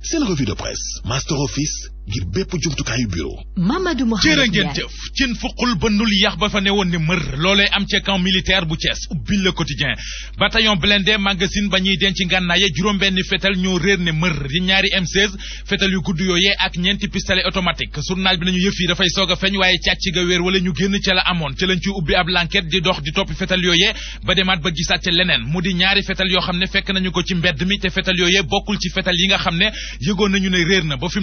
seen revue de presse Master ngir bépp jumtukaayu bureau Mamadou Mohamed cin fuqul bënnul yax ba fa ne woon ne mër loolee am ca camp militaire bu Thiès ubbil le quotidien bataillon blindé magasin ba ñuy denc ngànnaaye juróom-benn fetal ñoo réer ne mër di ñaari M16 fetal yu gudd yooyee ak ñeenti pistolet automatique journal bi nañu yëf yi dafay soog a feeñ waaye càcc ga wéer wala ñu génn ca la amoon ca lañ ci ubbi ab l'enquête di dox di toppi fetal yooyee ba demaat ba gisaat ca leneen mu di ñaari yoo xam ne fekk ko ci mbedd mi te fetal yooyee bokkul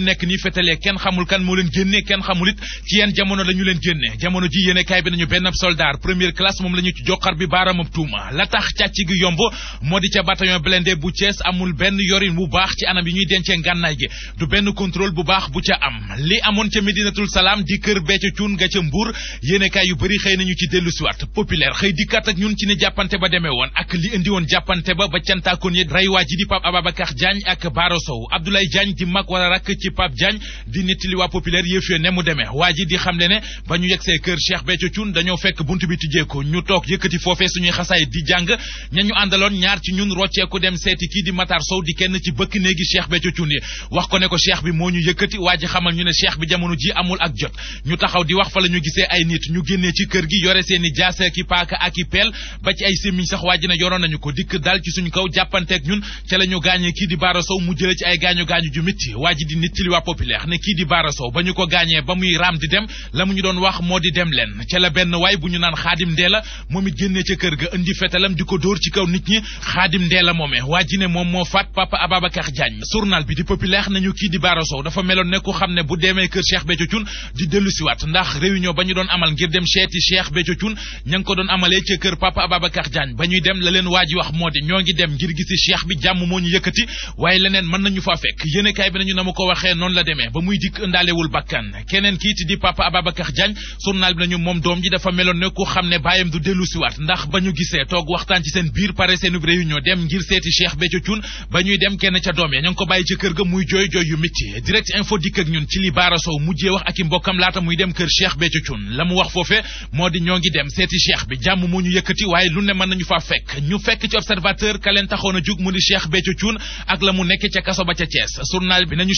ne loolee kenn xamul kan moo leen génne kenn xamul it ci yenn jamono lañu leen génne jamono ji yéene kaay bi nañu benn soldat première classe moom la ñu ci joxar bi baaramam tuuma la tax càcc gi yomb moo di ca bataillon blindé bu Thiès amul benn yorin bu baax ci anam yi ñuy dencee ngànnaay gi du benn contrôle bu baax bu ca am li amoon ca Medinatul Salaam di kër becca cuun nga ca Mbuur yéene kaay yu bëri xëy nañu ci dellu siwaat populaire xëy dikkaat ak ñun ci jàppante ba demee woon ak li indi woon jàppante ba ba cantaakoon yi rey waa ji di Pape Ababacar Diagne ak Baro Sow Abdoulaye Diagne di mag wala rakk ci Pape Diagne di nettali waa populaire yëf ya ne mu demee waa ji di xamle ne ba ñu yegsee kër Cheikh Béthio Thioune dañoo fekk bunt bi tijjeeku ñu toog yëkkati foofee suñuy xasaay di jàng ña ñu àndaloon ñaar ci ñun rocceeku dem seeti kii di Matar Sow di kenn ci bëkk néegi Cheikh Béthio Thioune yi wax ko ne ko cheikh bi moo ñu yëkkati waa ji xamal ñu ne cheikh bi jamono ji amul ak jot ñu taxaw di wax fa la ñu gisee ay nit ñu génnee ci kër gi yore seeni jaase ki paaka ak i peel ba ci ay sémmiñ sax waa ji ne ko dikk dal ci suñu kaw jàppanteeg ñun ca la ñu gaañee kii di Bara Sow mu jële ci ay gaañu gaañu ju metti waa ji di ne kii di Bara ba ñu ko gaañee ba muy raam di dem la mu ñu doon wax moo di dem leen ca benn waay bu ñu naan xaadim ndeela moom it génnee ca kër ga indi fetalam di ko dóor ci kaw nit ñi xaadim ndeela moomee waa ji ne moom moo faat papa Ababacar Diagne journal bi di populaire nañu kii di Bara dafa meloon ne ku xam ne bu demee kër Cheikh Béthio Thioune di dellu siwaat ndax réunion ba ñu doon amal ngir dem seeti Cheikh Béthio Thioune ña ngi ko doon amalee ca kër papa Ababacar Diagne ba ñuy dem la leen waa ji wax moo di ñoo ngi dem ngir gisi cheikh bi jàmm moo ñu yëkkati waaye leneen mën nañu fa fekk yéenekaay bi nañu na ma ko waxee noonu la demee ba muy dikk ndaalewul bakkan keneen kiit di papa Ababacar Diagne journal bi nañu moom doom ji dafa meloon ne ku xam ne baayam du dellu ndax ba ñu gisee toog waxtaan ci seen biir pare seenub réunion dem ngir seeti Cheikh Béthio Thioune ba ñuy dem kenn ca doom ya ña ngi ko bàyyi ca kër ga muy jooy jooy yu mitti direct info dikk ak ñun ci li Bara Sow wax ak i mbokkam laata muy dem kër Cheikh Béthio Thioune la mu wax foofe moo di ñoo ngi dem seeti Cheikh bi jàmm moo ñu yëkkati waaye lu ne mën nañu faa fekk ñu fekk ci a jug mu di Cheikh Béthio Thioune ba ca Thiès journal bi nañu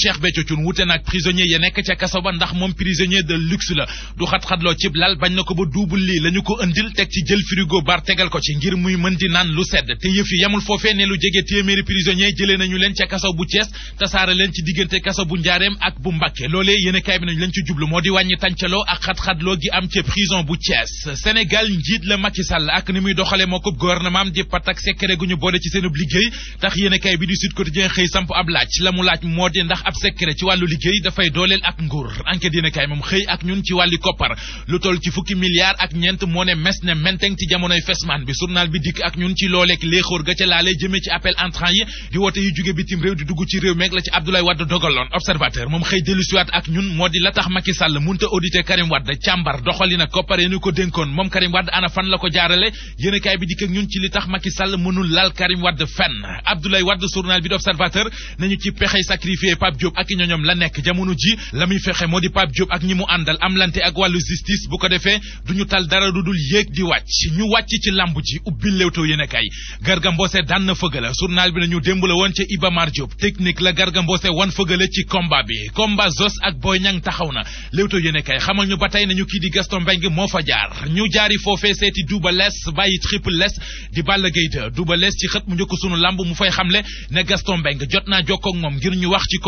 prisonnier ya nekk ca kaso ba ndax moom prisonnier de luxe la du xat-xatloo cib lal bañ na ko ba duubul lii la ko ëndil teg ci jël frigo bar tegal ko ci ngir muy mën di naan lu sedd te yëf yi yamul foofee ne lu jege téeméeri prisonnier jëlee nañu leen ca kaso bu Thiès tasaare ci diggante kaso bu Njaareem ak bu Mbàkke loolee yéen bi nañu leen ci jublu moo di wàññi tàncaloo ak xat-xatloo gi am ca prison bu Thiès Sénégal njiit la Macky Sall ak ni dafay dooleel ak nguur enquête yéen kaay moom xëy ak ñun ci wàlli koppar lu toll ci fukki milliards ak ñeent moo ne mes ne menteng ci jamonoy fesman bi journal bi dikk ak ñun ci looleeg léexóor ga ca laale jëmee ci appel entrant yi di woote yu jóge bitim réew di dugg ci réew meeg la ci Abdoulaye Wade dogaloon observateur moom xëy dellusiwaat ak ñun moo di la tax Macky Sall munta audité Karim Wade càmbar doxalina koppar yéen ko dénkoon moom Karim jamono ji la muy fexe moo di Pape Diop ak ñi mu àndal am lante ak wàllu justice bu ko defee du ñu tal dara du dul yéeg di wàcc ñu wàcc ci làmb ji ubbi Leewtoo yéenekaay Garga Mbossé daan na fëgala na bi nañu démb la woon ca Iba Mar Diop technique la Garga Mbossé wan fëgala ci combat bi combat Zos ak Boy Niang taxaw na Leewtoo yéenekaay xamal ñu ba tey nañu kii di Gaston Mbengue moo fa jaar ñu jaari foofee seeti Double Less bàyyi Triple Less di Balla Gaye 2 Double Less ci xët mu njëkk sunu làmb mu fay xamle ne Gaston Mbengue jot naa jokkoo ak moom ngir ñu wax ci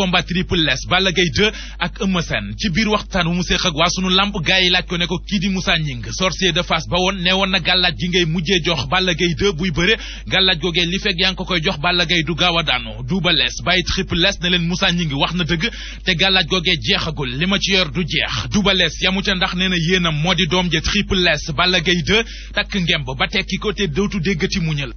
2 ak Eumeu Sène ci biir waxtaan bu mu séq ak waa sunu lamb gars yi laaj ko ne ko kii di Moussa Gningue sorcier de face ba woon nee woon na gàllaaj gi ngay mujjee jox Balla Gaye 2 buy bëre gàllaaj googee li fekk yaa ngi ko koy jox Balla gay du gaaw a daanu duuba lees bàyyi triple lees ne leen Moussa Gningue wax na dëgg te gàllaaj googee jeexagul li ma ci yor du jeex duuba yamu ca ndax nee na yéenam moo di doom ja triple lees Balla Gaye 2 takk ngemb ba tekki ko te dootu déggati muñal